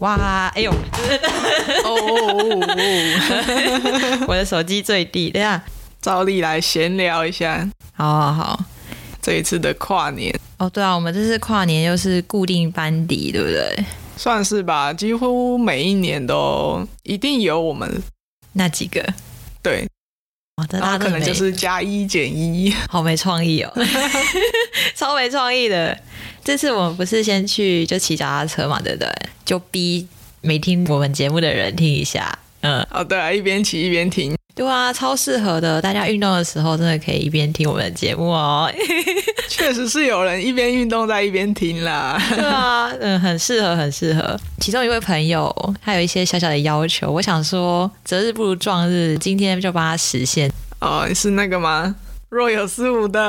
哇，哎呦！哦，我的手機最低，等下照例來閒聊一下，好好好。這一次的跨年哦，對啊，我們這次跨年又、就是固定班底，對不對？算是吧，幾乎每一年都一定有我們那幾個，對。那可能就是加一減一，好沒創意哦， 超沒創意的。這次我們不是先去就騎腳踏車嘛，對不對？就逼沒聽我們節目的人聽一下，嗯，哦，對啊，一邊騎一邊聽，對啊，超適合的。大家運動的時候真的可以一邊聽我們的節目哦， 確實是有人一邊運動在一邊聽啦。對啊，嗯，很適合，很適合。其中一位朋友他有一些小小的要求，我想說擇日不如撞日，今天就幫他實現。哦，是那個嗎？若有似無的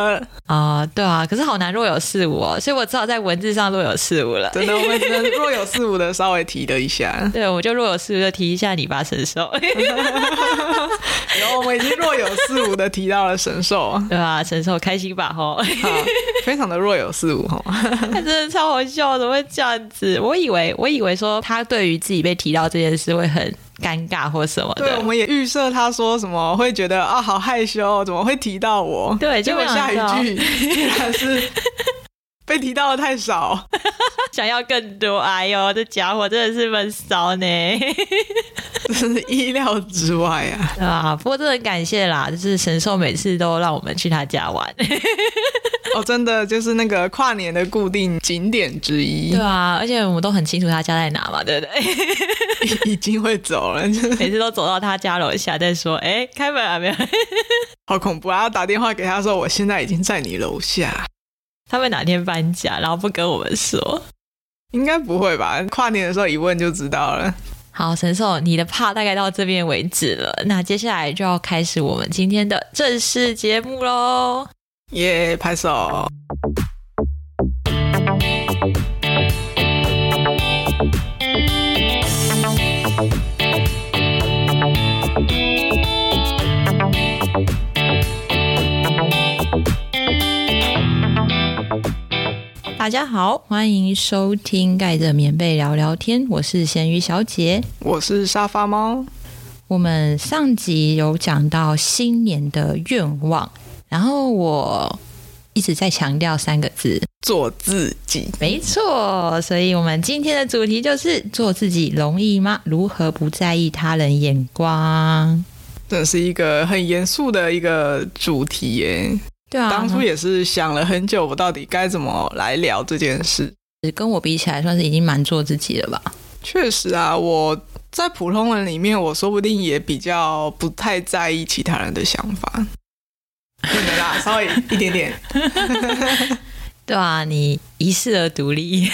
啊、呃，對啊，可是好難若有似無，喔，所以我只好在文字上若有似無了。真的，我們只能若有似無的稍微提了一下。 對，我就若有似無的提一下你吧，神 獸 呃。然後我們已經若有似無的提到了神獸，對啊，神獸開心吧吼，啊，非常的若有似無吼，他 真的超好笑，怎麼會這樣子？我以為我以為說他對於自己被提到這件事會很。尷尬或什麼的，對，我們也預設他說什麼會覺得啊，好害羞，怎麼會提到我？對，就結果下一句 竟然是被提到的太少， 想要更多。哎呦，這家伙真的是悶騷呢，真 是意料之外啊！啊，不過真的很感謝啦，就是神獸每次都讓我們去他家玩。 哦、oh，真的就是那個跨年的固定景點之一，對啊，而且我們都很清楚他家在哪嘛，對不對？ 已經會走了，就是，每次都走到他家樓下再說，哎，欸，開門啊，沒有， 好恐怖啊！打電話給他說，我現在已經在你樓下。他會哪天搬家，然後不跟我們說？應該不會吧？跨年的時候一問就知道了。好，神獸，你的 part 大概到這邊為止了，那接下來就要開始我們今天的正式節目嘍。耶、yeah！拍手！大家好，歡迎收聽《蓋着棉被聊聊天》，我是鹹魚小姐，我是沙發貓。我們上集有講到新年的願望。然後我一直在強調三個字：做自己。沒錯，所以我們今天的主題就是做自己容易嗎？如何不在意他人眼光？這是一個很嚴肅的一個主題耶！對啊，當初也是想了很久，我到底該怎麼來聊這件事。跟我比起來，算是已經蠻做自己了吧？確實啊，我在普通人裡面，我說不定也比較不太在意其他人的想法。不能啦，稍微一點點。 對啊，你遺世而獨立。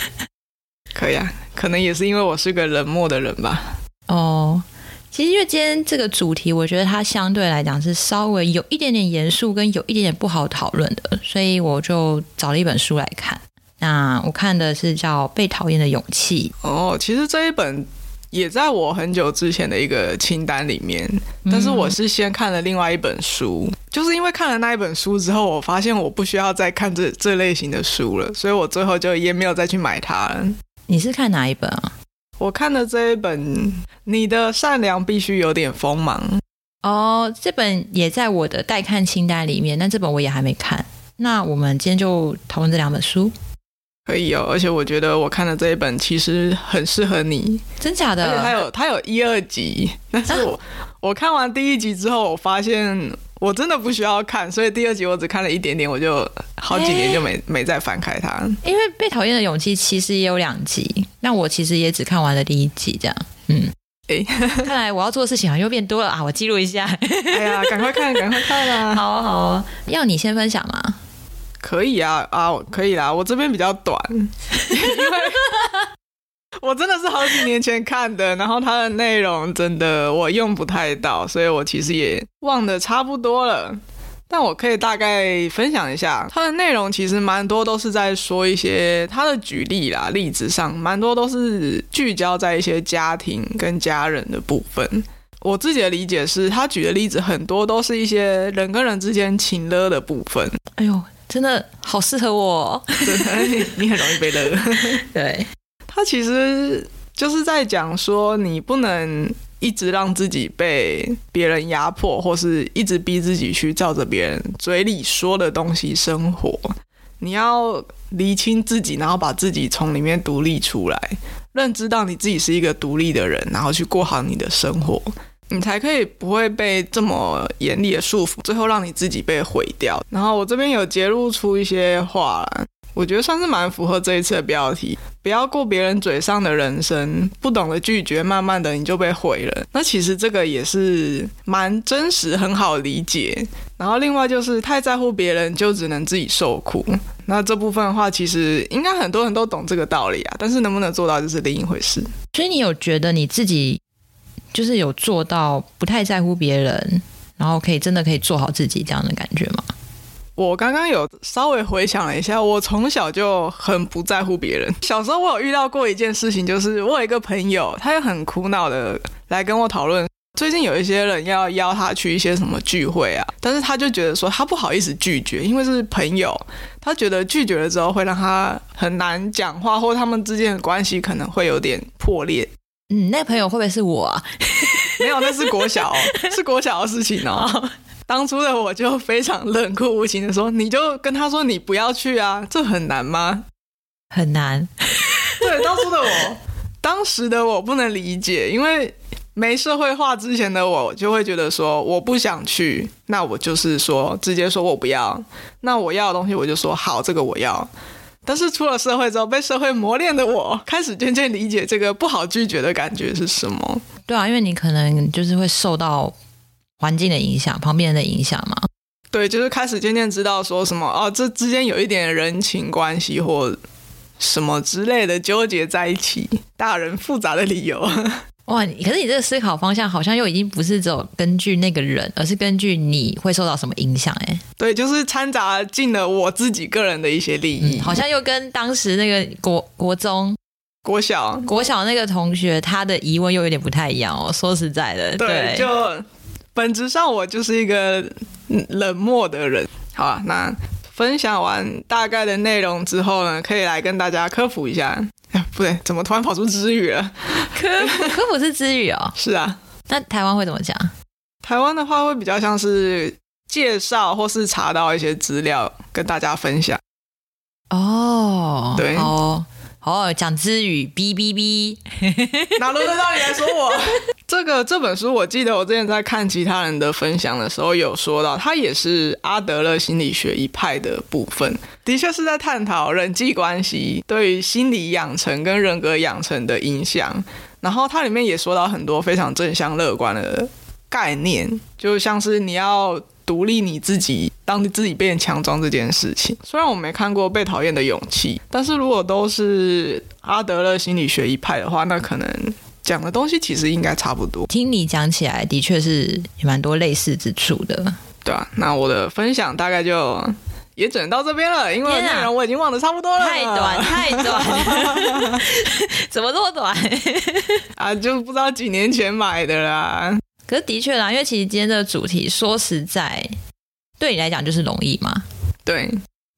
可以啊，可能也是因為我是一個冷漠的人吧。哦、oh,，其實因為今天這個主題，我覺得它相對來講是稍微有一點點嚴肅，跟有一點點不好討論的，所以我就找了一本書來看。那我看的是叫《被討厭的勇氣》。哦、oh,，其實這一本。也在我很久之前的一個清單裡面，但是我是先看了另外一本書，嗯。就是因為看了那一本書之後，我發現我不需要再看這這類型的書了，所以我最後就也沒有再去買它了。你是看哪一本啊？我看的這一本《你的善良必須有點鋒芒》哦、oh，這本也在我的待看清單裡面，但這本我也還沒看。那我們今天就討論這兩本書。可以哦，而且我覺得我看的這一本其實很適合你。嗯，真假的？它有它有一二集，但是我、啊、我看完第一集之後，我發現我真的不需要看，所以第二集我只看了一點點，我就好幾年就沒、欸、沒再翻開它。因為被討厭的勇氣其實也有兩集，那我其實也只看完了第一集，這樣，嗯。哎、欸， 看來我要做的事情好像又變多了啊！我記錄一下。 哎呀，趕快看，趕快看啦！好啊，好啊、哦哦，要你先分享嗎？可以啊啊，可以啦、啊，我這邊比較短，因為我真的是好幾年前看的，然後它的內容真的我用不太到，所以我其實也忘得差不多了。但我可以大概分享一下，它的內容其實蠻多都是在說一些它的舉例啦，例子上，蠻多都是聚焦在一些家庭跟家人的部分。我自己的理解是，他舉的例子很多都是一些人跟人之間親熱的部分。哎呦。真的好適合我哦，對，你你很容易被勒。 對，他其實就是在講說，你不能一直讓自己被別人壓迫，或是一直逼自己去照着別人嘴裡說的東西生活。你要釐清自己，然後把自己從裡面獨立出來，認知到你自己是一個獨立的人，然後去過好你的生活。你才可以不會被這麼嚴厲的束縛，最後讓你自己被毀掉。然後我這邊有揭露出一些話，我覺得算是蠻符合這一次的標題：不要過別人嘴上的人生，不懂得拒絕，慢慢的你就被毀了。那其實這個也是蠻真實，很好理解。然後另外就是太在乎別人，就只能自己受苦。那這部分的話，其實應該很多人都懂這個道理啊，但是能不能做到就是另一回事。所以你有覺得你自己？就是有做到不太在乎別人，然後可以真的可以做好自己這樣的感覺嗎？我剛剛有稍微回想了一下，我從小就很不在乎別人。小時候我有遇到過一件事情，就是我有一個朋友，他也很苦惱的來跟我討論，最近有一些人要邀他去一些什麼聚會啊，但是他就覺得說他不好意思拒絕，因為這是朋友，他覺得拒絕了之後會讓他很難講話，或他們之間的關係可能會有點破裂。你、嗯、那朋友會不會是我啊？ 沒有，那是國小，是國小的事情哦、喔。 當初的我就非常冷酷無情的說：“你就跟他說你不要去啊，這很難嗎？”很難。 對，當初的我，當時的我不能理解，因為沒社會化之前的我就會覺得說我不想去，那我就是說直接說我不要，那我要的東西我就說好，這個我要。但是出了社會之後，被社會磨練的我，開始漸漸理解這個不好拒絕的感覺是什麼？對啊，因為你可能就是會受到環境的影響、旁邊人的影響嘛。對，就是開始漸漸知道說什麼哦，這之間有一點人情關係或什麼之類的糾結在一起，大人複雜的理由。 哇！可是你這個思考方向好像又已經不是只有根據那個人，而是根據你會受到什麼影響哎。對，就是摻雜進了我自己個人的一些利益，嗯、好像又跟當時那個國國中、國小、國小那個同學他的疑問又有點不太一樣哦。說實在的，對，對就本質上我就是一個冷漠的人。好啊，那分享完大概的內容之後呢，可以來跟大家科普一下。.不對，怎麼突然跑出支語了？科普，科普是支語哦。 是啊，那台灣會怎麼講？台灣的話會比較像是介紹，或是查到一些資料跟大家分享。哦，對。哦哦，講之語，b b b 哪輪得到你來說我？這個，這本書，我記得我之前在看其他人的分享的時候有說到，它也是阿德勒心理學一派的部分，的確是在探討人際關係對於心理養成跟人格養成的影響。然後它裡面也說到很多非常正向樂觀的概念，就像是你要。獨立你自己，當你自己變強壯這件事情。雖然我沒看過《被討厭的勇氣》，但是如果都是阿德勒心理學一派的話，那可能講的東西其實應該差不多。聽你講起來，的確是蠻多類似之處的。對啊，那我的分享大概就也只能到這邊了，因為內容我已經忘得差不多了。啊、太短，太短， 怎麼這麼短 啊？就不知道幾年前買的啦。可是的確啦，因為其實今天的主題，說實在，對你來講就是容易嘛。對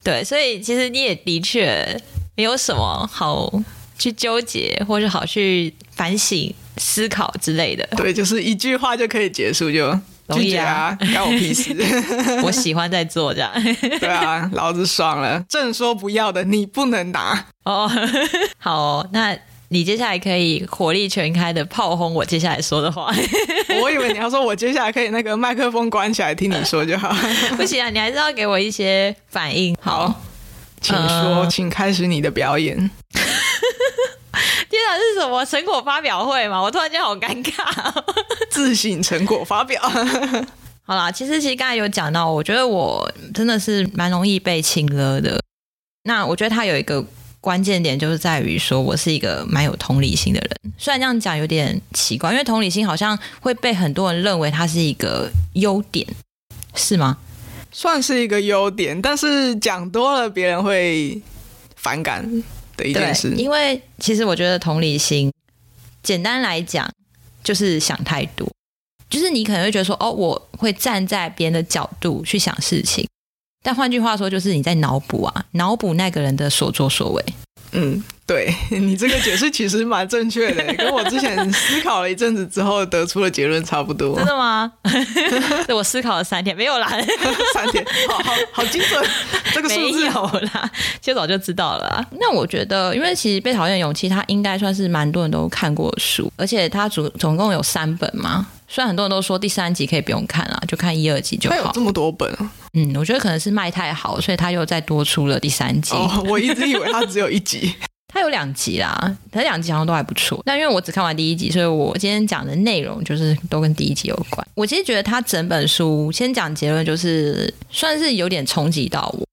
對，所以其實你也的確沒有什麼好去糾結，或者好去反省、思考之類的。對，就是一句話就可以結束，就、啊、容易啊，關我屁事。 我喜歡在做這樣 對啊，老子爽了。正說不要的，你不能拿、oh, 哦。好，那。你接下來可以火力全開的炮轟我接下來說的話。 我以為你要說，我接下來可以那個麥克風關起來聽你說就好。 呃、不行啊，你還是要給我一些反應。好，好，請說、呃，請開始你的表演。 接下來是什麼成果發表會嗎？我突然間好尷尬。 自省成果發表。 好啦，其實其實剛才有講到，我覺得我真的是蠻容易被情勒的。那我覺得他有一個。關鍵點就是在於說，我是一個蠻有同理心的人。雖然這樣講有點奇怪，因為同理心好像會被很多人認為它是一個優點，是嗎？算是一個優點，但是講多了別人會反感的一件事。對，因為其實我覺得同理心，簡單來講就是想太多，就是你可能會覺得說，哦，我會站在別人的角度去想事情。但換句話說，就是你在腦補啊，腦補那個人的所作所為。嗯，對你這個解釋其實蠻正確的， 跟我之前思考了一陣子之後得出的結論差不多。真的嗎？ 我思考了三天，沒有啦。 三天，好，好，好精準，這個數字好，沒有啦，其實早就知道了、啊。那我覺得，因為其實被討厭《被討厭勇氣》它應該算是蠻多人都看過的書，而且它總總共有三本嘛。雖然很多人都說第三集可以不用看了，就看一、二集就好。它有這麼多本、啊。嗯，我覺得可能是賣太好，所以他又再多出了第三集。哦，oh，我一直以為他只有一集， 他有兩集啦，他兩集好像都還不錯。但因為我只看完第一集，所以我今天講的內容就是都跟第一集有關。我其實覺得他整本書先講結論，就是算是有點衝擊到我。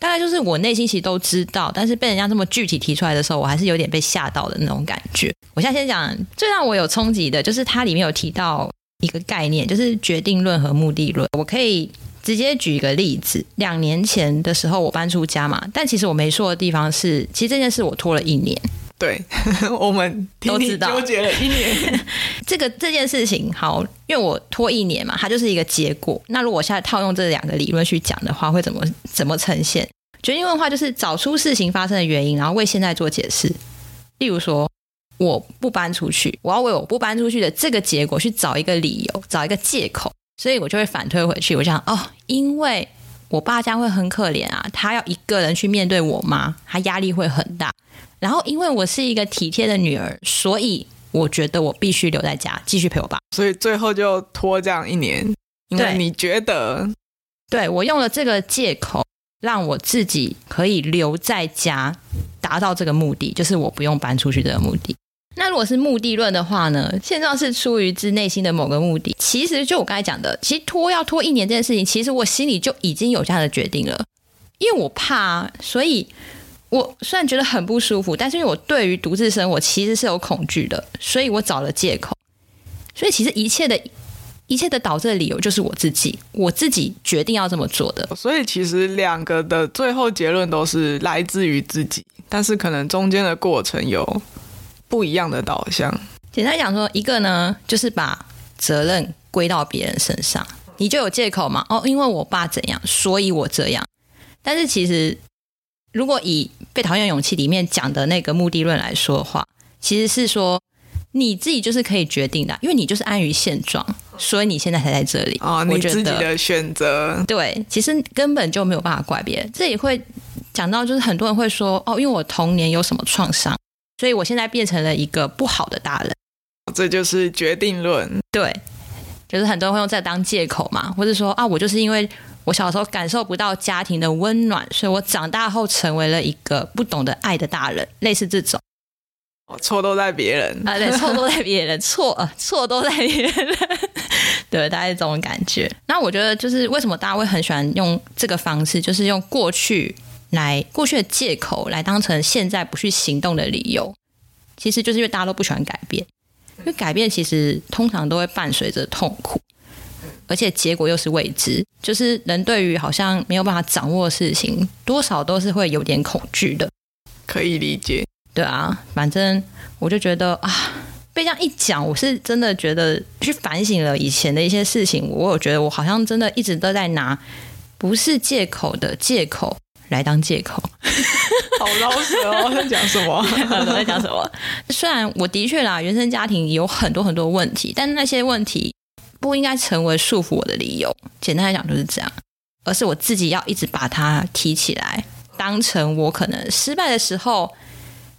大概就是我內心其實都知道，但是被人家這麼具體提出來的時候，我還是有點被嚇到的那種感覺。我現在先講最讓我有衝擊的，就是它裡面有提到一個概念，就是決定論和目的論。我可以。直接舉一個例子，兩年前的時候我搬出家嘛，但其實我沒說的地方是，其實這件事我拖了一年。對，我們都知道， 你糾結了一年。 這個這件事情好，因為我拖一年嘛，它就是一個結果。那如果我現在套用這兩個理論去講的話，會怎麼怎麼呈現？決定論的話，就是找出事情發生的原因，然後為現在做解釋。例如說，我不搬出去，我要為我不搬出去的這個結果去找一個理由，找一個借口。所以我就會反推回去，我想哦，因為我爸這樣會很可憐啊，他要一個人去面對我媽，他壓力會很大。然後因為我是一個體貼的女兒，所以我覺得我必須留在家，繼續陪我爸。所以最後就拖這樣一年，因為對，你覺得，對，我用了這個借口，讓我自己可以留在家，達到這個目的，就是我不用搬出去的目的。那如果是目的論的話呢？現狀是出於自內心的某個目的。其實就我剛才講的，其實拖要拖一年這件事情，其實我心裡就已經有這樣的決定了。因為我怕啊，所以我雖然覺得很不舒服，但是因為我對於獨自生活其實是有恐懼的，所以我找了借口。所以其實一切的一切的導致的理由就是我自己，我自己決定要這麼做的。所以其實兩個的最後結論都是來自於自己，但是可能中間的過程有。不一樣的導向。簡單講說，一個呢，就是把責任歸到別人身上，你就有借口嘛。哦，因為我爸怎樣，所以我這樣。但是其實，如果以《被討厭勇氣》裡面講的那個目的論來說的話，其實是說你自己就是可以決定的，因為你就是安於現狀，所以你現在才在這裡。哦，我覺得你自己的選擇。對，其實根本就沒有辦法怪別人。這也會講到，就是很多人會說，哦，因為我童年有什麼創傷。所以我現在變成了一個不好的大人，哦、這就是決定論。對，就是很多人會用這當借口嘛，或者說啊，我就是因為我小時候感受不到家庭的溫暖，所以我長大後成為了一個不懂得愛的大人，類似這種。哦、錯都在別人啊、呃，對，錯都在別人，錯 錯、呃、都在別人， 對，大家這種感覺。那我覺得就是為什麼大家會很喜歡用這個方式，就是用過去。來過去的借口，來當成現在不去行動的理由，其實就是因為大家都不喜歡改變，因為改變其實通常都會伴隨着痛苦，而且結果又是未知。就是人對於好像沒有辦法掌握的事情，多少都是會有點恐懼的，可以理解。對啊，反正我就覺得啊，被這樣一講，我是真的覺得去反省了以前的一些事情。我有覺得我好像真的一直都在拿不是借口的借口。來當借口 ，好老實哦！ 在講什麼、啊？Yeah, 在講什麼？雖然我的確啦，原生家庭有很多很多問題，但那些問題不應該成為束縛我的理由。簡單來講就是這樣，而是我自己要一直把它提起來，當成我可能失敗的時候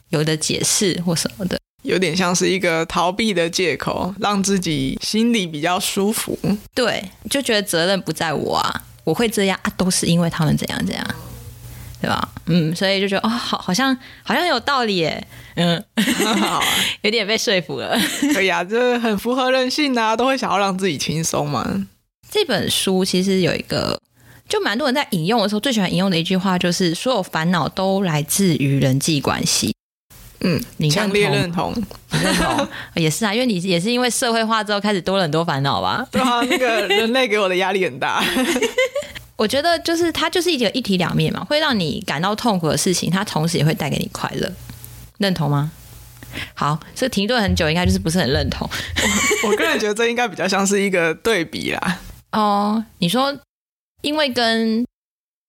有的解釋或什麼的，有點像是一個逃避的借口讓自己心裡比較舒服。對，就覺得責任不在我啊，我會這樣啊，都是因為他們怎樣怎樣。對吧？嗯，所以就覺得哦，好，好像好像有道理耶。嗯，呵呵 有點被說服了 可以啊，這很符合人性吶，啊，都會想要讓自己輕鬆嘛。這本書其實有一個，就蠻多人在引用的時候，最喜歡引用的一句話就是：“所有煩惱都來自於人際關係。”嗯，你認同？強烈認同？認同 也是啊，因為你也是因為社會化之後開始多了很多煩惱吧？對啊，那個人類給我的壓力很大。 我覺得就是它，就是一個一體兩面嘛，會讓你感到痛苦的事情，它同時也會帶給你快樂，認同嗎？好，這停頓很久，應該就是不是很認同。 我，我個人覺得這應該比較像是一個對比啦。哦、oh，你說因為跟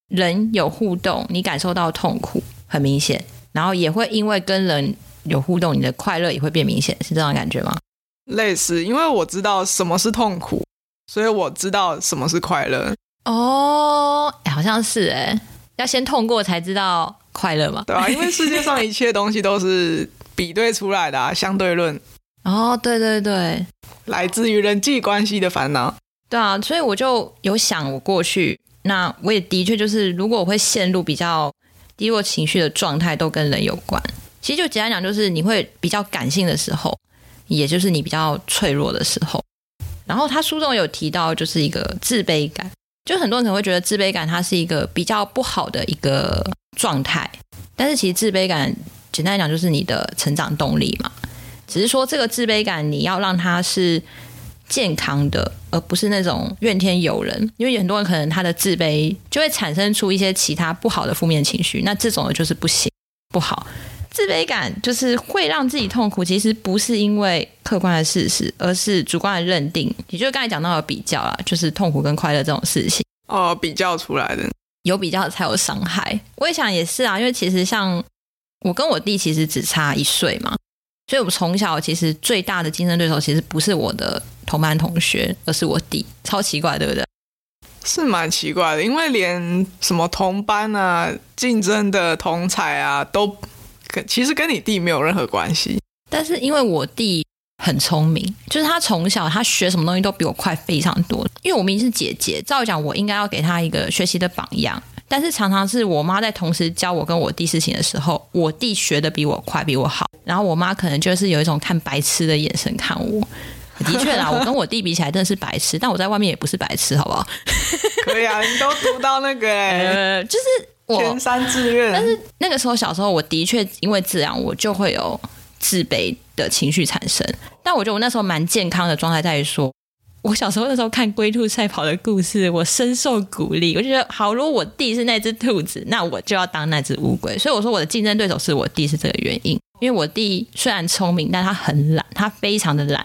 人有互動，你感受到痛苦很明顯，然後也會因為跟人有互動，你的快樂也會變明顯，是這種感覺嗎？類似，因為我知道什麼是痛苦，所以我知道什麼是快樂。哦誒，好像是哎！要先痛過才知道快樂嘛，對啊，因為世界上一切東西都是比對出來的，啊， 相對論。哦，對對對，來自於人際關係的煩惱。對啊，所以我就有想，我過去那我也的確就是，如果我會陷入比較低落情緒的狀態，都跟人有關。其實就簡單講，就是你會比較感性的時候，也就是你比較脆弱的時候。然後他書中有提到，就是一個自卑感。就很多人可能會覺得自卑感它是一個比較不好的一個狀態，但是其實自卑感簡單來講就是你的成長動力嘛，只是說這個自卑感你要讓它是健康的，而不是那種怨天尤人。因為很多人可能他的自卑就會產生出一些其他不好的負面情緒，那這種的就是不行，不好。自卑感就是會讓自己痛苦，其實不是因為客觀的事實，而是主觀的認定，也就是剛才講到的比較啦，就是痛苦跟快樂這種事情哦，比較出來的，有比較才有傷害。我也想也是啊，因為其實像我跟我弟其實只差一歲嘛，所以我從小其實最大的競爭對手其實不是我的同班同學，而是我弟，超奇怪，對不對？是蠻奇怪的，因為連什麼同班啊、競爭的同儕啊都。跟其實跟你弟沒有任何關係，但是因為我弟很聰明，就是他從小他學什麼東西都比我快非常多。因為我明明是姐姐，照講我應該要給他一個學習的榜樣，但是常常是我媽在同時教我跟我弟事情的時候，我弟學的比我快比我好，然後我媽可能就是有一種看白痴的眼神看我。 的確啦，我跟我弟比起來真的是白痴，但我在外面也不是白痴，好不好？可以啊，你都讀到那個、欸 呃，就是。前三志願，但是那個時候小時候，我的確因為自然，我就會有自卑的情緒產生。但我覺得我那時候蠻健康的狀態在於說，我小時候那時候看龜兔賽跑的故事，我深受鼓勵。我就覺得，好，如果我弟是那只兔子，那我就要當那只烏龜。所以我說，我的競爭對手是我弟，是這個原因。因為我弟雖然聰明，但他很懶，他非常的懶，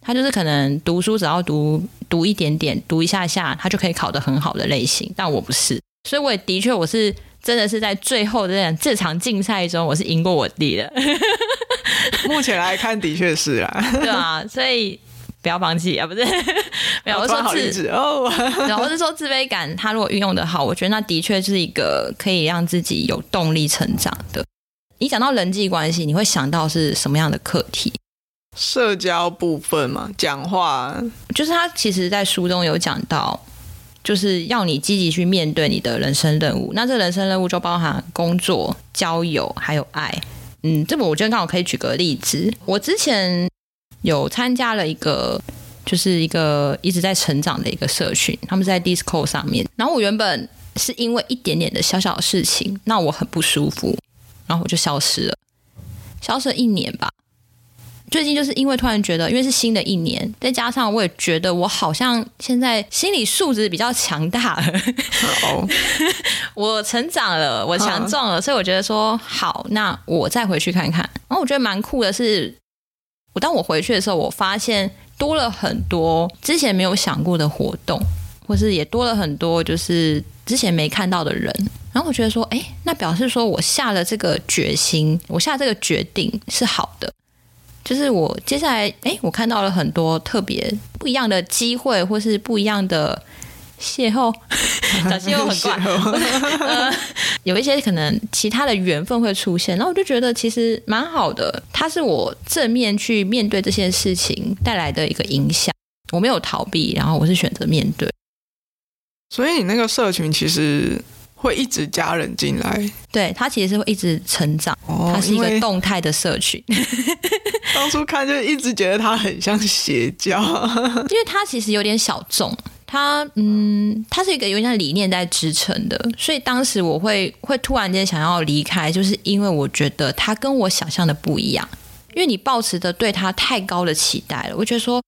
他就是可能讀書只要讀讀一點點，讀一下下，他就可以考得很好的類型。但我不是，所以我也的確我是。真的是在最後的這場競賽中，我是贏過我弟的、的。目前來看，的確是啊。 對啊，所以不要放棄啊，不是？ 沒有，我說自哦，後 是說自卑感，他如果運用的好，我覺得那的確是一個可以讓自己有動力成長的。你講到人際關係，你會想到是什麼樣的課題？社交部分嘛，講話，就是他其實在書中有講到。就是要你積極去面對你的人生任務。那這人生任務就包含工作、交友，還有愛。嗯，這本我覺得剛好可以舉個例子。我之前有參加了一個，就是一個一直在成長的一個社群，他們是在 Discord 上面。然後我原本是因為一點點的小小的事情，那我很不舒服，然後我就消失了，消失了一年吧。最近就是因為突然覺得，因為是新的一年，再加上我也覺得我好像現在心理素質比較強大了，好 我成長了，我強壯了，所以我覺得說好，那我再回去看看。然後我覺得蠻酷的是，我當我回去的時候，我發現多了很多之前沒有想過的活動，或是也多了很多就是之前沒看到的人。然後我覺得說，哎、欸，那表示說我下了這個決心，我下這個決定是好的。就是我接下來，哎、欸，我看到了很多特別不一樣的機會，或是不一樣的邂逅，邂逅又很怪、呃。有一些可能其他的緣分會出現，那我就覺得其實蠻好的。它是我正面去面對這件事情帶來的一個影響，我沒有逃避，然後我是選擇面對。所以你那個社群其實會一直加人進來，對，它其實是會一直成長，它是一個動態的社群。哦 當初看就一直覺得他很像邪教，因為他其實有點小眾，他嗯，他是一個有點像理念在支撐的，所以當時我會會突然間想要離開，就是因為我覺得他跟我想象的不一樣，因為你抱持着對他太高的期待了，我覺得說。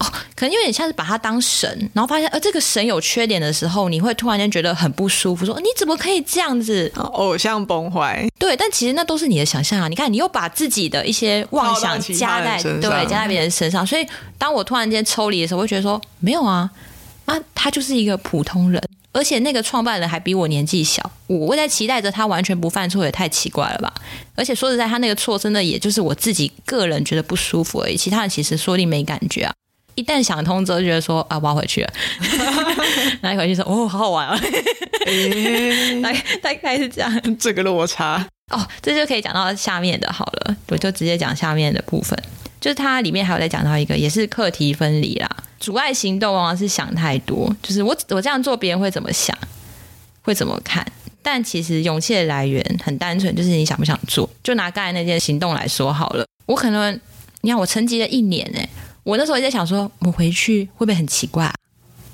哦，可能有點像是把他當神，然後發現呃這個神有缺點的時候，你會突然間覺得很不舒服，說你怎麼可以這樣子？偶像崩壞，對，但其實那都是你的想象啊。你看，你又把自己的一些妄想加在對，加在別人身上，所以當我突然間抽離的時候，會覺得說沒有啊，那、啊、他就是一個普通人，而且那個創辦人還比我年紀小，我會在期待着他完全不犯錯也太奇怪了吧？而且說實在，他那個錯真的也就是我自己個人覺得不舒服而已，其他人其實說不定沒感覺啊。一旦想通之後，覺得說啊，我要回去了。然後一回去說哦，好好玩啊 大概。大概是這樣。這個落差哦，oh，這就可以講到下面的。好了，我就直接講下面的部分。就是它裡面還有在講到一個，也是課題分離啦。阻礙行動往往是想太多，就是我我這樣做別人會怎麼想，會怎麼看？但其實勇氣的來源很單純，就是你想不想做。就拿剛才那件行動來說好了，我可能你看我沉寂了一年哎、欸。我那時候也在想說，說我回去會不會很奇怪啊？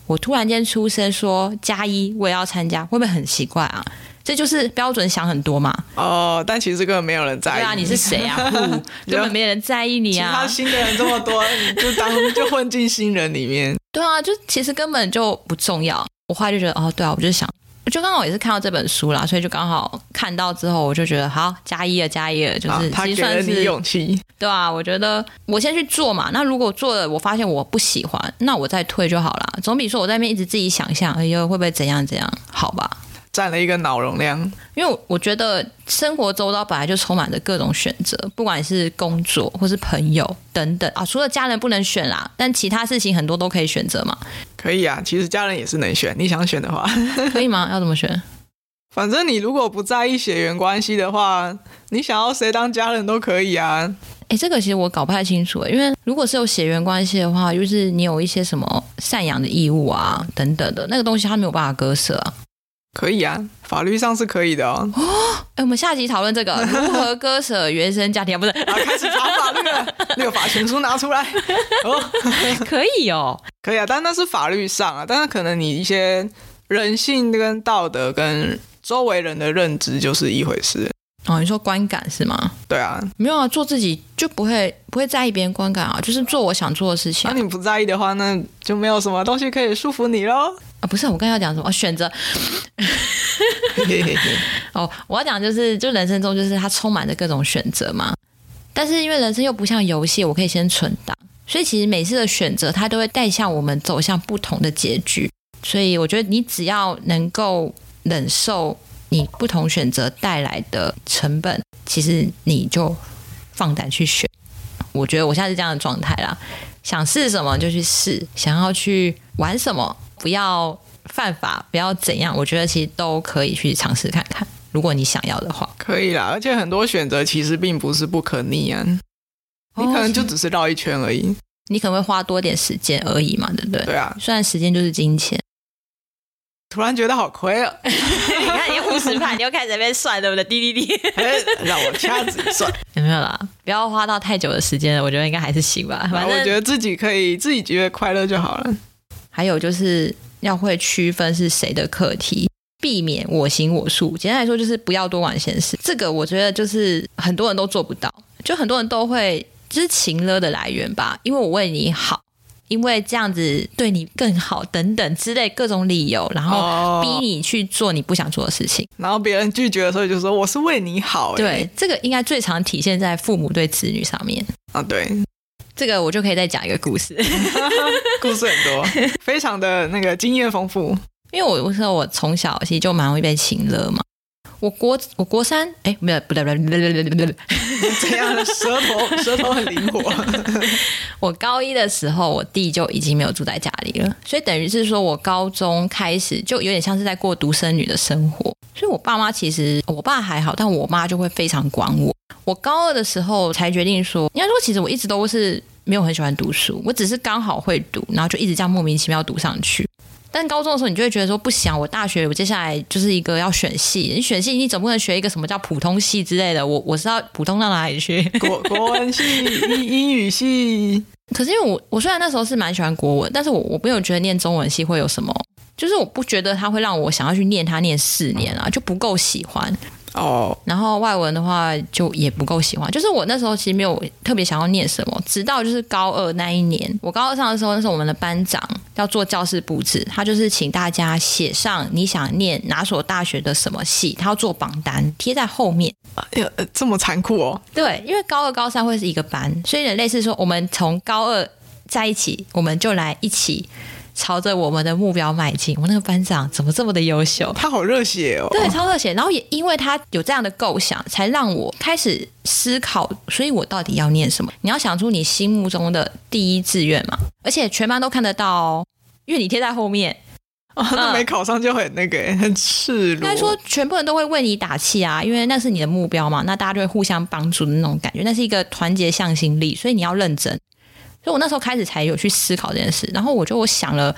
我突然間出聲說“加一”，我也要參加，會不會很奇怪啊？這就是標準想很多嘛。哦，但其實根本沒有人在意。對啊，你是誰啊？根本沒有人在意你啊！其他新的人這麼多， 你就當就混進新人裡面。對啊，就其實根本就不重要。我後來就覺得，哦，對啊，我就想，我就剛好也是看到這本書啦，所以就剛好看到之後，我就覺得好，加一了，加一了，就是他給了你勇氣。對啊，我覺得我先去做嘛。那如果做了，我發現我不喜歡，那我再退就好啦。總比說我在那邊一直自己想象，哎呦，會不會怎樣怎樣？好吧，占了一個腦容量。因為我覺得生活周遭本來就充滿着各種選擇，不管是工作或是朋友等等啊，除了家人不能選啦，但其他事情很多都可以選擇嘛。可以啊，其實家人也是能選，你想選的話 可以嗎？要怎麼選？反正你如果不在意血緣關係的話，你想要誰當家人都可以啊。哎、欸，這個其實我搞不太清楚，因為如果是有血緣關係的話，就是你有一些什麼贍養的義務啊等等的那個東西，他沒有辦法割捨、啊。可以啊，法律上是可以的哦。哎、哦欸，我們下集討論這個如何割捨原生家庭， 不是、啊？開始查法律了，那 個六法全書拿出來。 哦，可以哦，可以啊，但那是法律上啊，但是可能你一些人性跟道德跟周圍人的認知就是一回事哦。你說觀感是嗎？對啊，沒有啊，做自己就不會不會在意別人觀感啊，就是做我想做的事情，啊。那，啊、你不在意的話，那就沒有什麼東西可以束縛你嘍。啊，不是，啊，我剛才要講什麼、啊、選擇？ 哦，我要講就是，就人生中就是它充滿着各種選擇嘛。但是因為人生又不像遊戲，我可以先存檔，所以其實每次的選擇，它都會帶向我們走向不同的結局。所以我覺得，你只要能夠忍受你不同選擇帶來的成本。其實你就放膽去選，我覺得我現在是這樣的狀態啦，想試什麼就去試，想要去玩什麼，不要犯法，不要怎樣，我覺得其實都可以去嘗試看看，如果你想要的話，可以啦。而且很多選擇其實並不是不可逆啊，哦，你可能就只是繞一圈而已，你可能會花多點時間而已嘛，對不對？對啊，雖然時間就是金錢。突然覺得好虧啊！你看你又五十塊， 你又開始在那邊算，對不對？滴滴滴、欸！讓我掐指一算， 有沒有啦？不要花到太久的時間了，我覺得應該還是行吧。反正我覺得自己可以，自己覺得快樂就好了，嗯。還有就是要會區分是誰的課題，避免我行我素。簡單來說就是不要多管閒事。這個我覺得就是很多人都做不到，就很多人都會知情了的來源吧，因為我為你好。因為這樣子對你更好，等等之類各種理由，然後逼你去做你不想做的事情，哦、然後別人拒絕的時候就說我是為你好、欸。對，這個應該最常體現在父母對子女上面啊。對，這個我就可以再講一個故事， 故事很多， 非常的那個經驗豐富。因為我不是說我從小其實就蠻會被情勒嘛。我國我國三，哎，沒有不對不對不對不對，這樣的舌頭舌頭很靈活。 我高一的時候，我弟就已經沒有住在家裡了，所以等於是說，我高中開始就有點像是在過獨生女的生活。所以，我爸媽其實我爸還好，但我媽就會非常管我。我高二的時候才決定說，應該說其實我一直都是沒有很喜歡讀書，我只是剛好會讀，然後就一直這樣莫名其妙讀上去。但高中的時候，你就會覺得說，不想我大學我接下來就是一個要選系，你選系，你總不能學一個什麼叫普通系之類的。我我是要普通到哪裡去？國國文系、 英語系。可是因為我我雖然那時候是蠻喜歡國文，但是我我沒有覺得念中文系會有什麼，就是我不覺得它會讓我想要去念它，念四年啊，就不夠喜歡。哦、oh，然後外文的話就也不夠喜歡，就是我那時候其實沒有特別想要念什麼，直到就是高二那一年，我高二上的時候，那時候我們的班長要做教室布置，他就是請大家寫上你想念哪所大學的什麼系，他要做榜單貼在後面。哎呀，這麼殘酷哦！對，因為高二高三會是一個班，所以類似說我們從高二在一起，我們就來一起朝着我們的目標邁進。我那個班長怎麼這麼的優秀？他好熱血哦！對，超熱血。然後也因為他有這樣的構想，才讓我開始思考，所以我到底要念什麼？你要想出你心目中的第一志願嘛？而且全班都看得到哦，因為你貼在後面。啊，哦，那沒考上就很那個，很赤裸。嗯，應該說，全部人都會為你打氣啊，因為那是你的目標嘛。那大家就會互相幫助的那種感覺，那是一個團結向心力。所以你要認真。所以我那時候開始才有去思考這件事，然後我就我想了，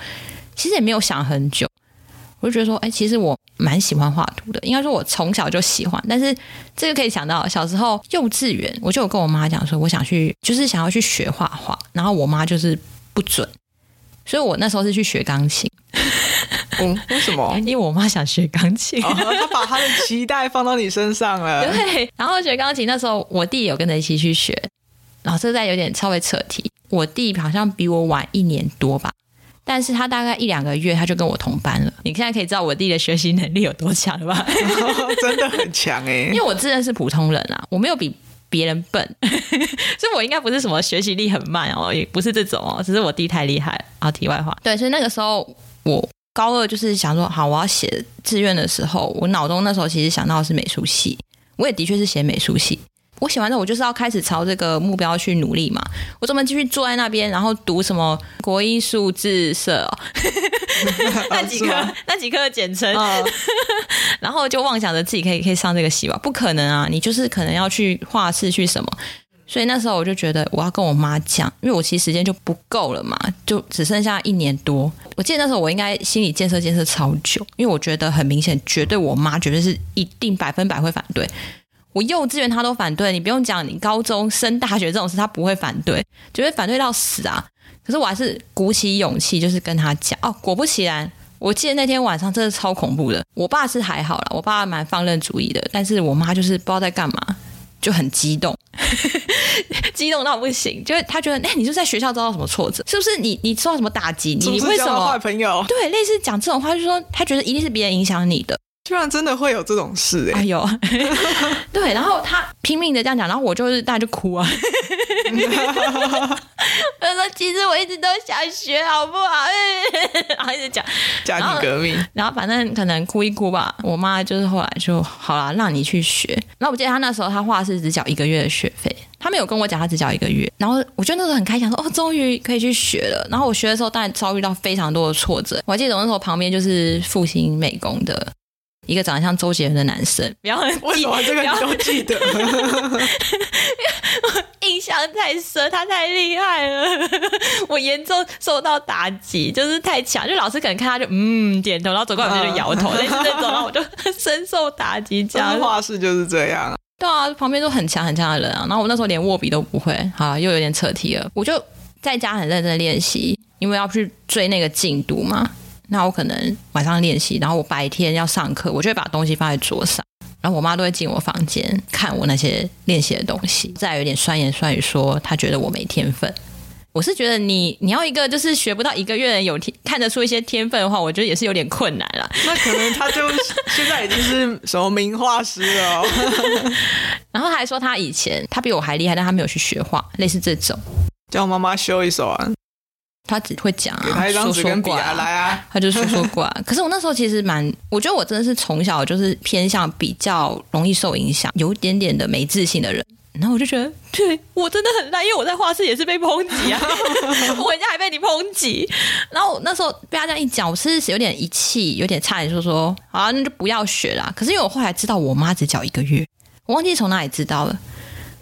其實也沒有想很久，我就覺得說，哎、欸，其實我蠻喜歡畫圖的，應該說我從小就喜歡，但是這個可以想到小時候幼稚園，我就有跟我媽講說，我想去，就是想要去學畫畫，然後我媽就是不准，所以我那時候是去學鋼琴。嗯，為什麼？因為我媽想學鋼琴，她、哦、把她的期待放到你身上了。 對，然後學鋼琴那時候，我弟有跟着一起去學，然後這在有點稍微扯題。我弟好像比我晚一年多吧，但是他大概一兩個月他就跟我同班了。你現在可以知道我弟的學習能力有多強了吧？哦，真的很強誒， 因為我自認是普通人啊，我沒有比別人笨， 所以我應該不是什麼學習力很慢哦，也不是這種哦，只是我弟太厲害。啊，題外話，對，所以那個時候我高二就是想說，好，我要寫志願的時候，我腦中那時候其實想到的是美術系，我也的確是寫美術系。我寫完之後，我就是要開始朝這個目標去努力嘛。我怎麼繼續坐在那邊，然後讀什麼國英數自社？那幾科，那幾科的簡稱，然後就妄想着自己可以可以上這個戲吧？不可能啊！你就是可能要去畫室去什麼。所以那時候我就覺得我要跟我媽講，因為我其實時間就不夠了嘛，就只剩下一年多。我記得那時候我應該心理建設建設超久，因為我覺得很明顯，絕對我媽絕對是一定百分百會反對。我幼稚園他都反對，你不用講，你高中升大學這種事他不會反對，就會反對到死啊！可是我還是鼓起勇氣，就是跟他講哦。果不其然，我記得那天晚上真的超恐怖的。我爸是還好啦，我爸蠻放任主義的，但是我媽就是不知道在幹嘛，就很激動， 激動到不行。就是他覺得，哎、欸，你就在學校遭到什麼挫折？是不是你你受到什麼打擊？你為什麼壞朋友？對，類似講這種話，就是說他覺得一定是別人影響你的。居然真的會有這種事，欸、哎呦，對，然後他拼命的這樣講，然後我就是大家就哭啊。他 說：“其實我一直都想學，好不好？” 然後一直講，家庭革命然。然後反正可能哭一哭吧。我媽就是後來就好了，讓你去學。然後我記得他那時候他畫室只繳一個月的學費，他沒有跟我講他只繳一個月。然後我覺得那時候很開心，說：“哦，終於可以去學了。”然後我學的時候，當然遭遇到非常多的挫折。我還記得我那時候旁邊就是復興美工的。一個長得像周杰倫的男生，不要很，我喜歡這個，不記得， 我印象太深，他太厲害了， 我嚴重受到打擊，就是太強，就老師可能看他就嗯點頭，然後走過來我就搖頭，類似這種，然後我就深受打擊，當時畫室就是這樣啊，對啊，旁邊都很強很強的人啊，然後我那時候連握筆都不會，好又有點扯題了，我就在家很認真練習，因為要去追那個進度嘛。那我可能晚上練習，然後我白天要上課，我就會把東西放在桌上，然後我媽都會進我房間看我那些練習的東西，再有點酸言酸語說她覺得我沒天分。我是覺得你你要一個就是學不到一個月有天看得出一些天分的話，我覺得也是有點困難了。那可能他就現在已經是什麼名畫師了哦， 然後還說他以前他比我還厲害，但他沒有去學畫，類似這種，叫我媽媽秀一手啊。他只會講、啊啊，說說寡，來啊，他就說說寡、啊。 可是我那時候其實蠻，我覺得我真的是從小就是偏向比較容易受影響，有一點點的沒自信的人。然後我就覺得，對，我真的很爛，因為我在畫室也是被抨擊啊， 我人家還被你抨擊。然後那時候被他這樣一講，我其實是有點一氣，有點差點就說，說，好啊，那就不要學啦。可是因為我後來知道我媽只教一個月，我忘記從哪裡知道了，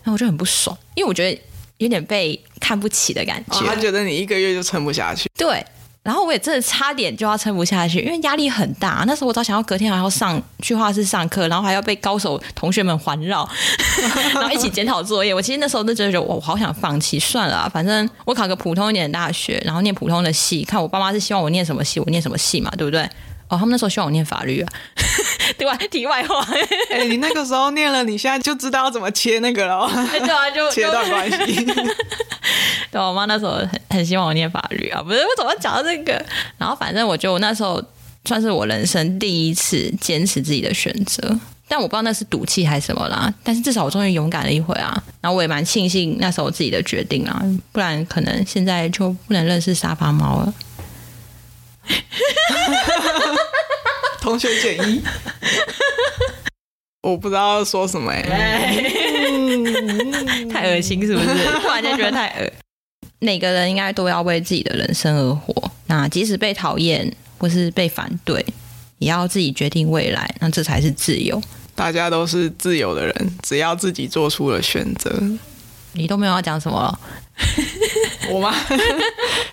然後我就很不爽，因為我覺得有點被。看不起的感覺、啊，他覺得你一個月就撐不下去、哦啊。對，然後我也真的差點就要撐不下去，因為壓力很大、啊。那時候我早想要隔天還要上去畫室上課，然後還要被高手同學們環繞，然後一起檢討作業。 我其實那時候就覺得，我好想放棄算了、啊，反正我考個普通一點的大學，然後念普通的系。看我爸媽是希望我念什麼系，我念什麼系嘛，對不對？哦，他們那時候希望我念法律、啊。 對啊，題外話、欸。哎，你那個時候念了，你現在就知道要怎麼切那個了。哎，啊，就切斷段關係 。對，我媽那時候很很希望我念法律啊，不是，我怎麼講到這個？然後反正我就那時候算是我人生第一次堅持自己的選擇，但我不知道那是賭氣還是什麼啦。但是至少我終於勇敢了一回啊。然後我也蠻慶幸那時候自己的決定啊，不然可能現在就不能認識沙發貓了。 同學減一。 我不知道說什麼哎、欸， 太噁心是不是？突然間覺得太噁。每 個人應該都要為自己的人生而活。那即使被討厭或是被反對，也要自己決定未來。那這才是自由。大家都是自由的人，只要自己做出了選擇， 你都沒有要講什麼了。 我嗎？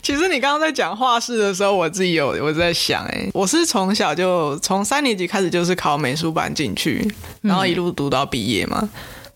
其實你剛剛在講畫室的時候，我自己有我在想，哎，我是從小就從三年級開始就是考美術班進去，然後一路讀到畢業嘛。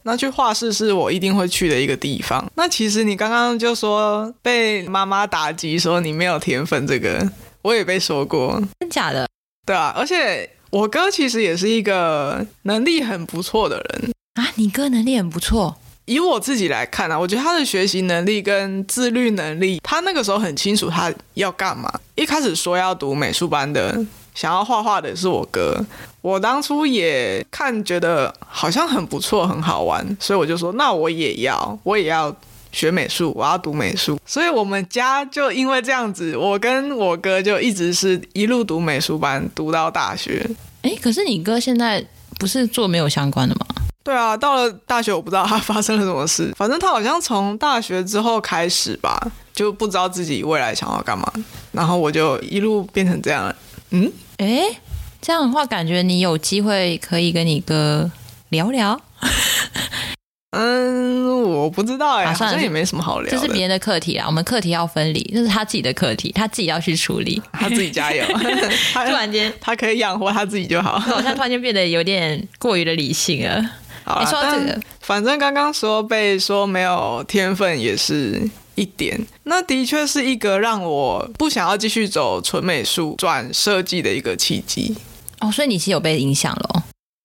那去畫室是我一定會去的一個地方。那其實你剛剛就說被媽媽打擊，說你沒有天分，這個我也被說過，嗯，真假的？對啊，而且我哥其實也是一個能力很不錯的人啊，你哥能力很不錯。以我自己來看啊，我覺得他的學習能力跟自律能力，他那個時候很清楚他要幹嘛。一開始說要讀美術班的，想要畫畫的是我哥，我當初也看覺得好像很不錯，很好玩，所以我就說那我也要，我也要學美術，我要讀美術。所以我們家就因為這樣子，我跟我哥就一直是一路讀美術班，讀到大學。哎，可是你哥現在不是做沒有相關的嗎？對啊，到了大學，我不知道他發生了什麼事。反正他好像從大學之後開始吧，就不知道自己未來想要幹嘛。然後我就一路變成這樣了。嗯，哎、欸，這樣的話，感覺你有機會可以跟你哥聊聊。嗯，我不知道呀、欸啊，好像也沒什麼好聊。這是別人的課題啊，我們課題要分離，這、就是他自己的課題，他自己要去處理，他自己加油。 他突然間，他可以養活他自己就好。他 突然間變得有點過於的理性了。啊、這個，但反正剛剛說被說沒有天分也是一點，那的確是一個讓我不想要繼續走純美術轉設計的一個契機。哦，所以你是有被影響咯？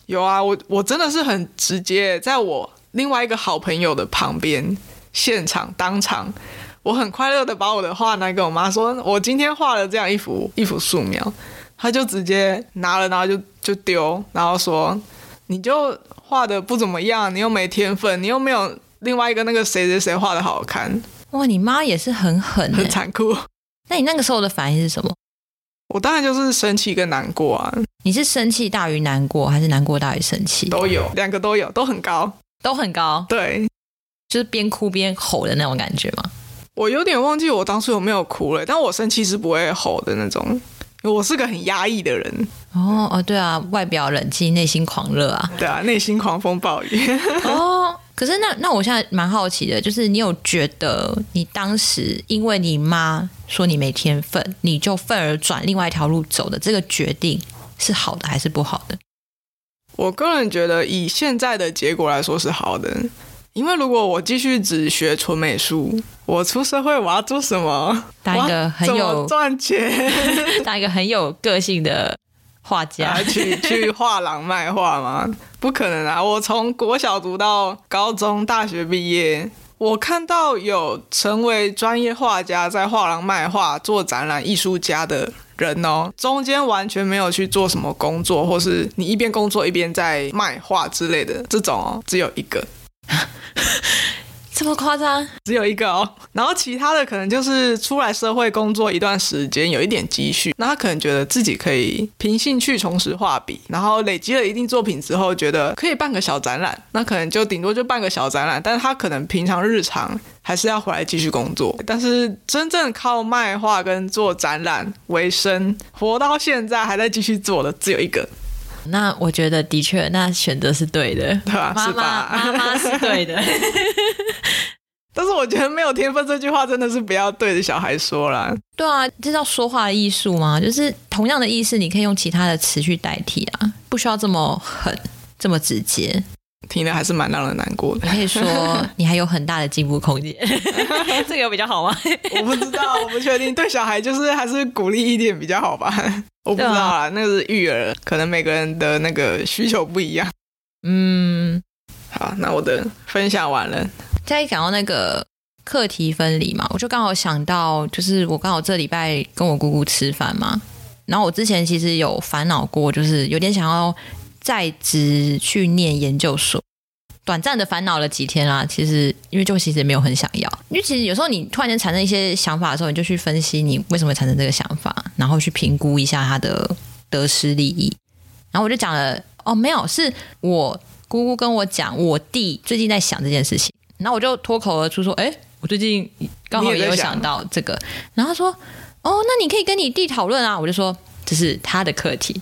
有啊，我我真的是很直接，在我另外一個好朋友的旁邊現場當場，我很快樂的把我的畫拿給我媽說，我今天畫了這樣一幅一幅素描，她就直接拿了，然後就就丟，然後說你就。畫得不怎麼樣，你又沒天分，你又沒有另外一個那個誰誰誰畫得好看。哇，你媽也是很狠欸，很殘酷。那你那個時候的反應是什麼？我當然就是生氣跟難過啊。你是生氣大於難過，還是難過大於生氣？都有，兩個都有，都很高，都很高。對，就是邊哭邊吼的那種感覺嗎？我有點忘記我當初有沒有哭了欸，但我生氣是不會吼的那種。我是個很壓抑的人哦，哦對啊，外表冷靜，內心狂熱啊，對啊，內心狂風暴雨 哦。可是那那我現在蠻好奇的，就是你有覺得你當時，因為你媽說你沒天分，你就憤而轉另外一條路走的這個決定是好的還是不好的？我個人覺得，以現在的結果來說是好的。因為如果我繼續只學純美術，我出社會我要做什麼？當一個很有賺錢，當一個很有個性的畫家，啊、去去畫廊賣畫嗎？不可能啊！我從國小讀到高中，大學畢業，我看到有成為專業畫家在畫廊賣畫，做展覽藝術家的人哦，中間完全沒有去做什麼工作，或是你一邊工作一邊在賣畫之類的這種，哦，只有一個。 這麼誇張？只有一個哦，然後其他的可能就是出來社會工作一段時間，有一點積蓄，那他可能覺得自己可以憑興趣重拾畫筆，然後累積了一定作品之後，覺得可以辦個小展覽，那可能就頂多就辦個小展覽，但是他可能平常日常還是要回來繼續工作，但是真正靠賣畫跟做展覽為生，活到現在還在繼續做的只有一個。那我覺得的確，那選擇是對的，對吧、啊？是吧？媽媽是對的， 但是我覺得沒有天分這句話真的是不要對着小孩說啦。對啊，這叫說話的藝術嗎？就是同樣的意思，你可以用其他的詞去代替啊，不需要這麼狠，這麼直接。聽的還是蠻讓人難過的，你可以說你還有很大的進步空間。 這個有比較好嗎？ 我不知道，我不確定。對小孩就是還是鼓勵一點比較好吧？ 我不知道啊，那個是育兒，可能每個人的那個需求不一樣。嗯，好，那我的分享完了。再一講到那個課題分離嘛，我就剛好想到，就是我剛好這禮拜跟我姑姑吃飯嘛，然後我之前其實有煩惱過，就是有點想要。在職去念研究所，短暫的煩惱了幾天啦。其實因為就其實沒有很想要，因為其實有時候你突然間產生一些想法的時候，你就去分析你為什麼會產生這個想法，然後去評估一下他的得失利益。然後我就講了，哦，沒有，是我姑姑跟我講，我弟最近在想這件事情，然後我就脫口而出說，哎，我最近剛好也有想到這個。然後他說，哦，那你可以跟你弟討論啊。我就說。這、就是他的課題，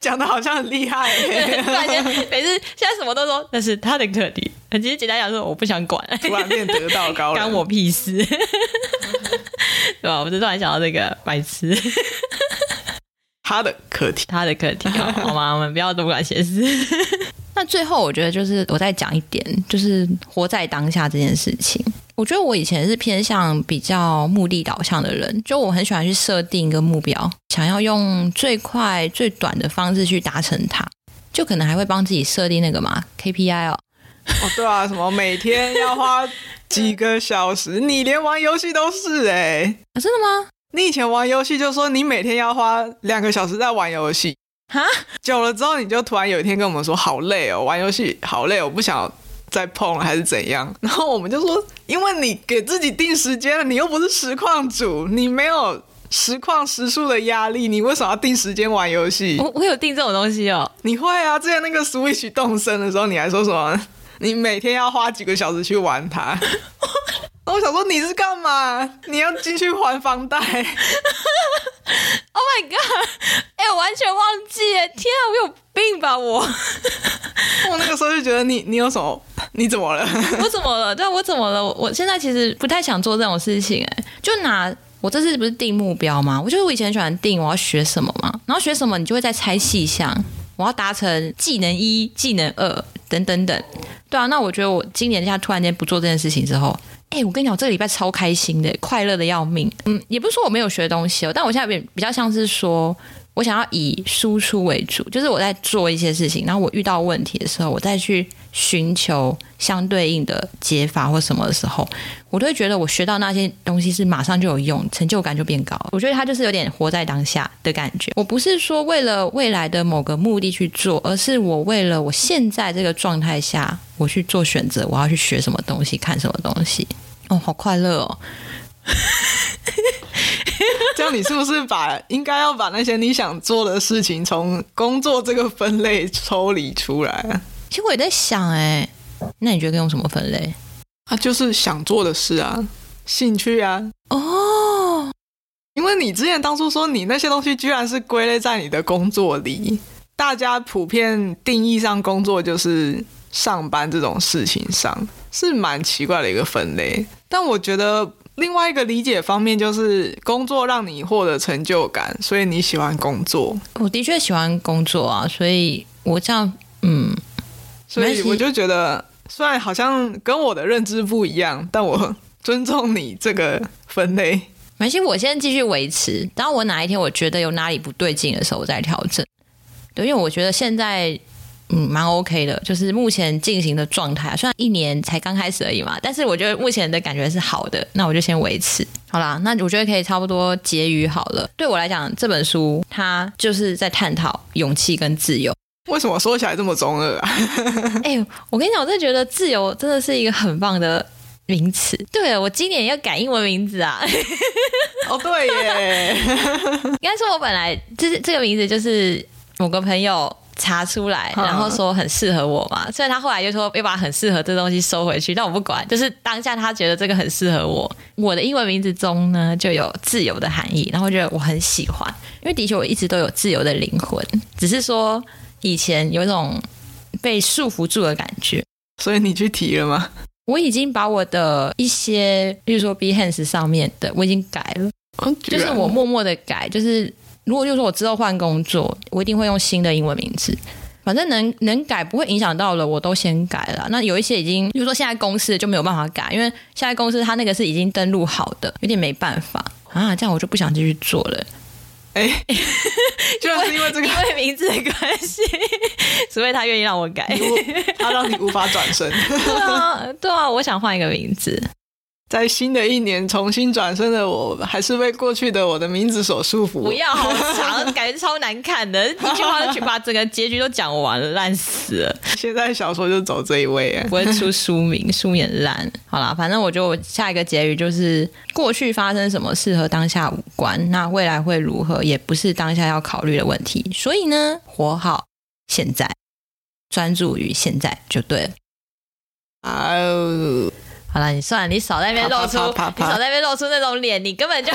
講得好像很厲害，欸突然。每次現在什麼都說，那是他的課題。其實簡單講說，我不想管。突然變得到高了，關我屁事， 對吧、啊？我就突然想到這個白痴，他的課題，他的課題好，好嗎？我們不要多管閒事。 那最後，我覺得就是我再講一點，就是活在當下這件事情。我覺得我以前是偏向比較目的導向的人，就我很喜歡去設定一個目標，想要用最快最短的方式去達成它，就可能還會幫自己設定那個嘛 KPI 哦。哦，對啊，什麼每天要花幾個小時？ 你連玩遊戲都是哎、欸啊，真的嗎？你以前玩遊戲就說你每天要花兩個小時在玩遊戲。哈，久了之後你就突然有一天跟我們說好累哦、喔，玩遊戲好累、喔，我不想再碰了，還是怎樣？然後我們就說，因為你給自己定時間了，你又不是實況主，你沒有實況實數的壓力，你為什麼要定時間玩遊戲？我我有定這種東西哦、喔。你會啊？之前那個 Switch 動森的時候，你還說什麼？你每天要花幾個小時去玩它。 我想說你是幹嘛？你要進去還房貸 ？Oh my god！哎、欸，我完全忘記了。天啊，我有病吧我？ 我那個時候就覺得你你有什麼？你怎麼了？ 我怎麼了？對，我怎麼了？我現在其實不太想做這種事情、欸。哎，就拿我這次不是定目標嗎？我覺得我以前很喜歡定我要學什麼嘛。然後學什麼，你就會再拆細項，我要達成技能一、技能二等等等。對啊，那我覺得我今年一下突然間不做這件事情之後。哎、欸，我跟你講，這個禮拜超開心的，快樂的要命。嗯，也不是說我沒有學東西哦，但我現在比較像是說。我想要以輸出為主，就是我在做一些事情，然後我遇到問題的時候，我再去尋求相對應的解法或什麼的時候，我都會覺得我學到那些東西是馬上就有用，成就感就變高了。我覺得它就是有點活在當下的感覺。我不是說為了未來的某個目的去做，而是我為了我現在這個狀態下，我去做選擇，我要去學什麼東西，看什麼東西。哦，好快樂哦！ 這樣，你是不是把應該要把那些你想做的事情從工作這個分類抽離出來、啊？其實我也在想、欸，哎，那你覺得用什麼分類啊？就是想做的事啊，興趣啊。哦、oh.，因為你之前當初說你那些東西居然是歸類在你的工作裡，大家普遍定義上工作就是上班這種事情上，是蠻奇怪的一個分類。但我覺得。另外一個理解方面就是工作讓你獲得成就感，所以你喜歡工作。我的確喜歡工作啊，所以我這樣，嗯，所以我就覺得，雖然好像跟我的認知不一樣，但我尊重你這個分類。沒關係，我先繼續維持。當我哪一天我覺得有哪裡不對勁的時候，我再調整。對，因為我覺得現在。嗯，蠻 OK 的，就是目前進行的狀態、啊。雖然一年才剛開始而已嘛，但是我覺得目前的感覺是好的，那我就先維持好啦。那我覺得可以差不多結語好了。對我來講，這本書它就是在探討勇氣跟自由。為什麼說起來這麼中二啊？哎、 欸，我跟你講，我真的覺得“自由”真的是一個很棒的名詞。對了，我今年要改英文名字啊！ 哦，對，耶，應 該說我本來就是這，這個名字，就是某個朋友。查出來，然後說很適合我嘛、啊，所以他後來又說又把很適合這東西收回去，但我不管，就是當下他覺得這個很適合我。我的英文名字中呢就有自由的含義，然後覺得我很喜歡，因為的確我一直都有自由的靈魂，只是說以前有一種被束縛住的感覺。所以你去提了嗎？我已經把我的一些，比如說 behance 上面的，我已經改了，就是我默默的改，就是。如果就是說，我之後換工作，我一定會用新的英文名字。反正能能改，不會影響到了，我都先改了。那有一些已經，比如說現在公司就沒有辦法改，因為現在公司他那個是已經登錄好的，有點沒辦法啊。這樣我就不想繼續做了。哎、欸欸，就是因為這個因為，因為名字的關係，所以他願意讓我改我，他讓你無法轉身。 對啊，對啊，我想換一個名字。在新的一年重新轉生的我，還是被過去的我的名字所束縛。不要好長， 感覺超難看的。一句話就把整個結局都講完了，爛死了。現在小說就走這一位，不會出書名， 書也爛。好了，反正我就下一個結語就是：過去發生什麼事和當下無關；那未來會如何，也不是當下要考慮的問題。所以呢，活好現在，專注於現在就對了。啊好了，你算了，你少在那邊露出啪啪啪啪啪，你少在那邊露出那種臉，你根本就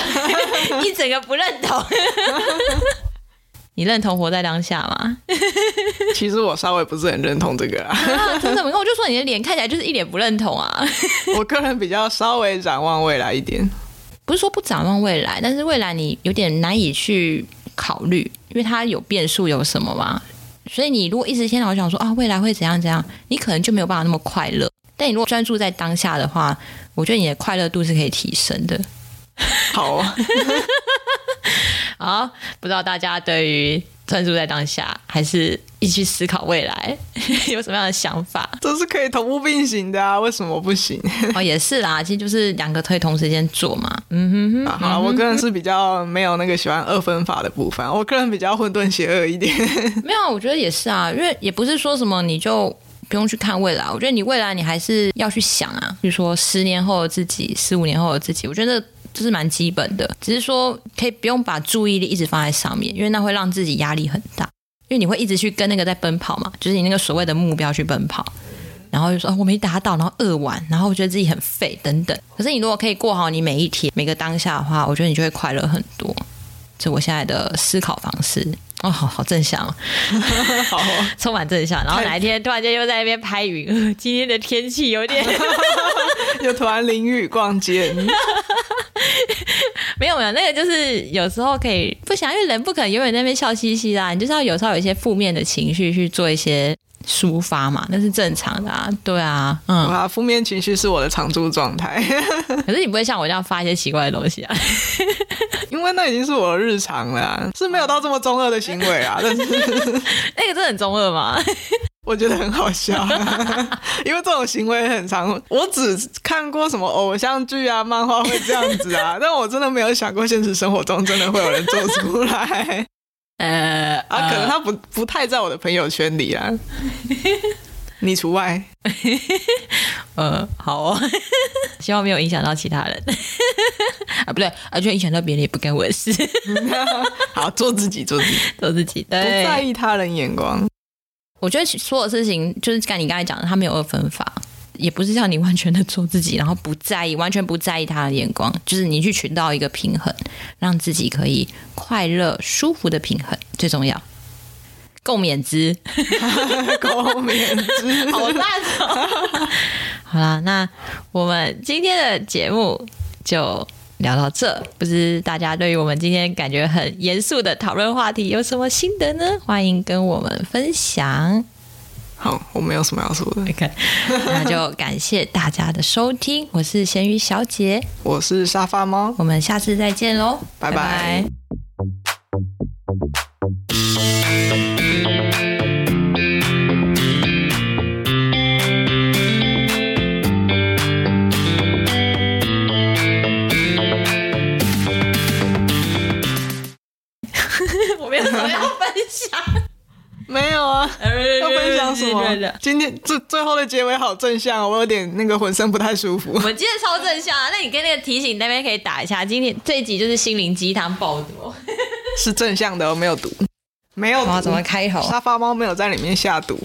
一整個不認同。 你認同活在當下嗎？其實我稍微不是很認同這個。 啊，怎麼？我就說你的臉看起來就是一臉不認同啊！ 我個人比較稍微展望未來一點，不是說不展望未來，但是未來你有點難以去考慮，因為它有變數，有什麼嘛？所以你如果一直先老想說啊未來會怎樣怎樣，你可能就沒有辦法那麼快樂。但你如果專注在當下的話，我覺得你的快樂度是可以提升的。好啊， 不知道大家對於專注在當下，還是一起思考未來， 有什麼樣的想法？這是可以同步並行的啊，為什麼不行？哦，也是啦，其實就是兩個可以同時間做嘛，啊啊。嗯哼，好，我個人是比較沒有那個喜歡二分法的部分，我個人比較混沌邪惡一點。 沒有、啊，我覺得也是啊，因為也不是說什麼你就。不用去看未來，我覺得你未來你還是要去想啊，比如說十年後的自己，十五年後的自己，我覺得這是蠻基本的。只是說，可以不用把注意力一直放在上面，因為那會讓自己壓力很大，因為你會一直去跟那個在奔跑嘛，就是你那個所謂的目標去奔跑，然後就說，哦，我沒達到，然後餓完，然後我覺得自己很廢等等。可是你如果可以過好你每一天每個當下的話，我覺得你就會快樂很多。這我現在的思考方式。哦，好正 好正向，好充滿正向。然後哪一天突然間又在那邊拍雲，今天的天氣有點 又突然淋雨逛街， 沒有沒有，那個就是有時候可以不想、啊，因為人不可能永遠在那邊笑嘻嘻啦、啊，你就是要有時候有一些負面的情緒去做一些抒發嘛，那是正常的啊。對啊，嗯，負、啊、面情緒是我的常駐狀態， 可是你不會像我這樣發一些奇怪的東西啊。 那那已經是我的日常了啊，是沒有到這麼中二的行為啊。但是那個真的很中二嗎？我覺得很好笑啊，因為這種行為很常，我只看過什麼偶像劇啊、漫畫會這樣子啊，但我真的沒有想過現實生活中真的會有人做出來啊。呃，啊，可能他不不太在我的朋友圈裡啊。你除外，嗯、 呃，好、哦， 希望沒有影響到其他人。 啊，不對，而且影響到別人也不干我的事。 好，做自己，做自己，做自己，對，不在意他人眼光。我覺得所有事情就是像你剛才講的，他沒有二分法，也不是像你完全的做自己，然後不在意，完全不在意他的眼光，就是你去尋到一個平衡，讓自己可以快樂、舒服的平衡最重要。共勉之，共勉之，好爛哦！好啦，那我們今天的節目就聊到這。不知大家對於我們今天感覺很嚴肅的討論話題有什麼心得呢？歡迎跟我們分享。好，我沒有什麼要說的。Okay，那就感謝大家的收聽。我是鹹魚小姐，我是沙發貓，我們下次再見嘍，拜拜。 我沒有什麼要分享， 沒有啊， 要分享什麼？今天最，最後的結尾好正向哦，我有點那個渾身不太舒服。 我們今天超正向，啊，那你跟那個提醒那邊可以打一下，今天這一集就是心靈雞湯，爆 毒是正向的，我沒有毒。沒有怎麼開口，沙發貓沒有在裡面下毒。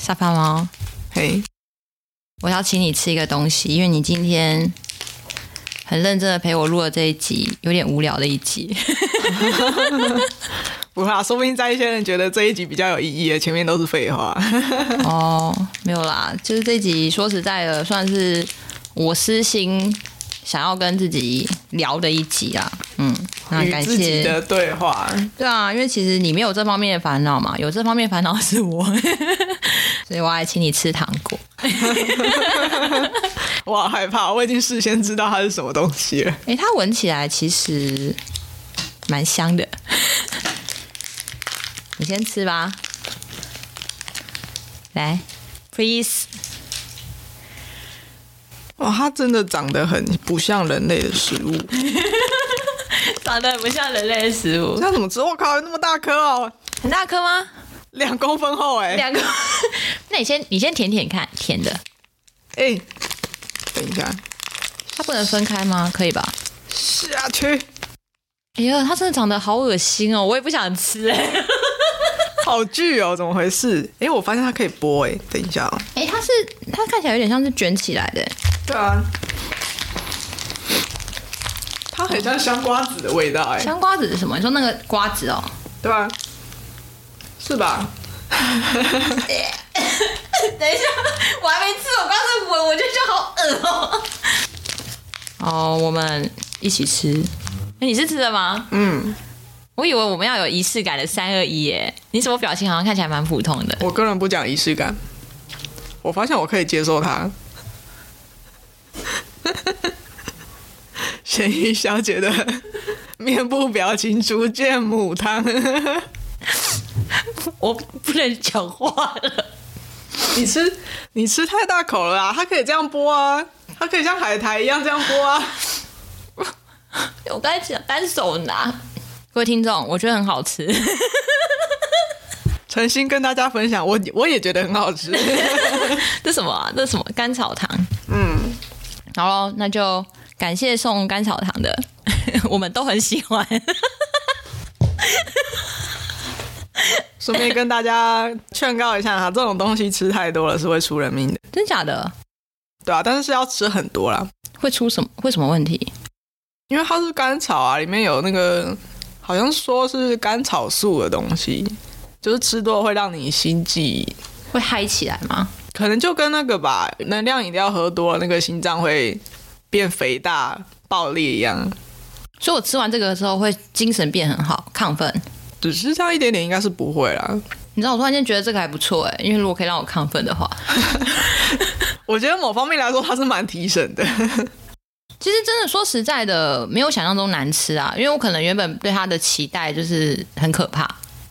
沙發貓，嘿，我要請你吃一個東西，因為你今天很認真的陪我錄了這一集，有點無聊的一集。 不怕，說不定在一些人覺得這一集比較有意義，前面都是廢話。哦、 oh，沒有啦，就是這一集說實在的，算是我私心，想要跟自己聊的一集啊，嗯，自己嗯，那感謝你的對話，對啊，因為其實你沒有這方面的煩惱嘛，有這方面煩惱是我， 所以我還請你吃糖果。 我好害怕，我已經事先知道它是什麼東西了。哎、欸，它聞起來其實蠻香的， 你先吃吧，來，please。哇，它真的長得很不像人類的食物， 長得很不像人類的食物。那怎麼吃？我靠，那麼大顆哦，很大顆嗎？兩公分厚哎，兩公， 那你先你先舔舔看，甜的。哎、欸，等一下，它不能分開嗎？可以吧？下去。哎呀，它真的長得好惡心哦，我也不想吃哎。 好巨哦，怎麼回事？哎、欸，我發現它可以剝哎，等一下哦。哎、欸，它是它看起來有點像是捲起來的。對啊，它很像香瓜子的味道哎、欸。香瓜子是什麼？你說那個瓜子哦？對啊，是吧？ 等一下，我還沒吃，我剛剛聞，我就覺得就好惡哦。哦，我們一起吃。哎，你是吃的嗎？嗯。我以為我們要有儀式感的三二一耶。你什麼表情好像看起來蠻普通的？我個人不講儀式感。我發現我可以接受它。鹹 魚小姐的面部表情逐漸母湯， 我不能講話了。你吃，你吃太大口了啊！它可以這樣剝啊，它可以像海苔一樣這樣剝啊。我剛才只單手拿，各位聽眾，我覺得很好吃。誠 心跟大家分享，我我也覺得很好吃。 這什麼啊？這什麼？甘草糖。嗯。好嘍，那就感謝送甘草糖的， 我們都很喜歡。順 便跟大家勸告一下哈、啊，這種東西吃太多了是會出人命的，真假的？對啊，但是是要吃很多啦，會出什麼？會什麼問題？因為它是甘草啊，裡面有那個好像說是甘草素的東西，嗯、就是吃多了會讓你心悸，會嗨起來嗎？可能就跟那個吧，能量飲料喝多了，那個心臟會變肥大、爆裂一樣。所以我吃完這個的時候會精神變很好，亢奮。只是這樣一點點應該是不會啦。你知道我突然間覺得這個還不錯哎、欸，因為如果可以讓我亢奮的話， 我覺得某方面來說它是蠻提神的。 其實真的說實在的，沒有想象中難吃啊，因為我可能原本對它的期待就是很可怕，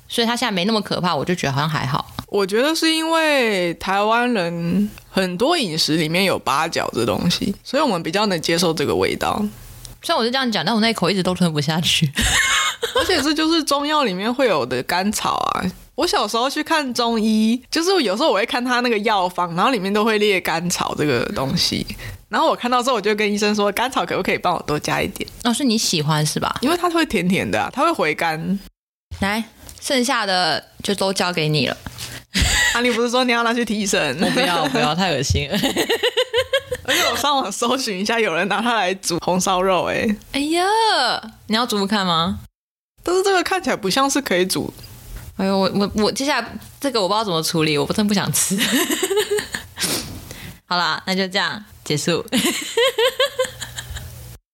所以它現在沒那麼可怕，我就覺得好像還好。我覺得是因為台灣人很多飲食裡面有八角這東西，所以我們比較能接受這個味道。雖然我是這樣講，但我那一口一直都吞不下去， 而且這 就是中藥裡面會有的甘草啊。我小時候去看中醫，就是有時候我會看他那個藥方，然後裡面都會列甘草這個東西。嗯、然後我看到之後，我就跟醫生說：“甘草可不可以幫我多加一點？”老、哦、是你喜歡是吧？因為它會甜甜的、啊，它會回甘、嗯。來，剩下的就都交給你了。啊！你不是說你要拿去提神？我不要，我不要， 太噁心。 而且我上網搜尋一下，有人拿它來煮紅燒肉、欸。哎，哎呀，你要煮不看嗎？但是這個看起來不像是可以煮。哎呦，我我我，我接下來這個我不知道怎麼處理，我不真不想吃。 好了，那就這樣結束。